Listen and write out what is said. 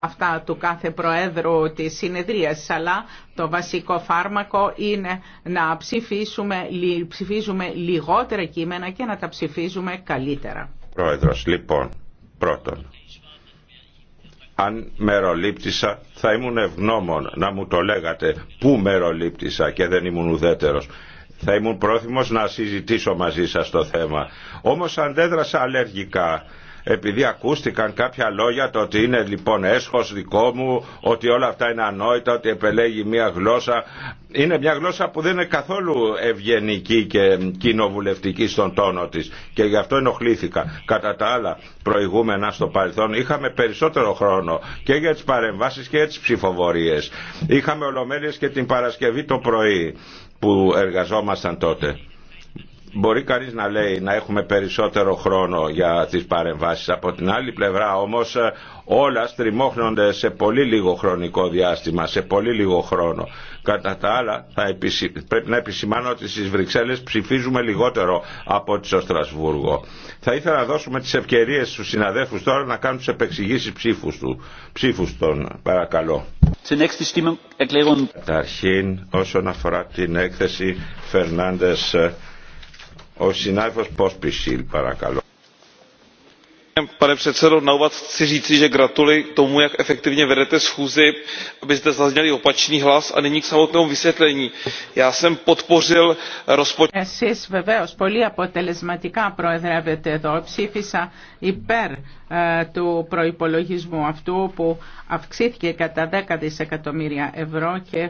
αυτά του κάθε Προέδρου της συνεδρίας, αλλά το βασικό φάρμακο είναι να ψηφίσουμε, ψηφίζουμε λιγότερα κείμενα και να τα ψηφίζουμε καλύτερα. Πρόεδρος, λοιπόν, πρώτον, αν μερολήπτησα θα ήμουν ευγνώμων να μου το λέγατε που μερολήπτησα και δεν ήμουν ουδέτερος θα ήμουν πρόθυμος να συζητήσω μαζί σας το θέμα. Όμως αντέδρασα αλλεργικά επειδή ακούστηκαν κάποια λόγια το ότι είναι λοιπόν έσχος δικό μου, ότι όλα αυτά είναι ανόητα, ότι επελέγει μια γλώσσα. Είναι μια γλώσσα που δεν είναι καθόλου ευγενική και κοινοβουλευτική στον τόνο της και γι' αυτό ενοχλήθηκα. Κατά τα άλλα προηγούμενα στο παρελθόν είχαμε περισσότερο χρόνο και για τις παρεμβάσεις και για τις ψηφοφορίες. Είχαμε ολομέλειες και την Παρασκευή το πρωί που εργαζόμασταν τότε. Μπορεί κανείς να λέει να έχουμε περισσότερο χρόνο για τις παρεμβάσεις. Από την άλλη πλευρά όμως ε, όλα στριμώχνονται σε πολύ λίγο χρονικό διάστημα, σε πολύ λίγο χρόνο. Κατά τα άλλα θα πρέπει να επισημάνω ότι στις Βρυξέλλες ψηφίζουμε λιγότερο από ότι στο Στρασβούργο. Θα ήθελα να δώσουμε τις ευκαιρίες στους συναδέλφους τώρα να κάνουν τις επεξηγήσεις ψήφους, του. ψήφους των. Παρακαλώ. Καταρχήν όσον αφορά την έκθεση Φερνάντες ε, ο συνάδελφος Πόσπισιλ παρακαλώ. Pane předsedo, na úvod chci říci, že gratuluji tomu, jak efektivně vedete schůzi, aby zde opačný hlas a nyní k samotnému vysvětlení. Já jsem podpořil rozpočet. Εσείς βεβαίως πολύ αποτελεσματικά προεδρεύετε εδώ. Ψήφισα υπέρ ε, του προϋπολογισμού αυτού που αυξήθηκε κατά 10 δισεκατομμύρια ευρώ και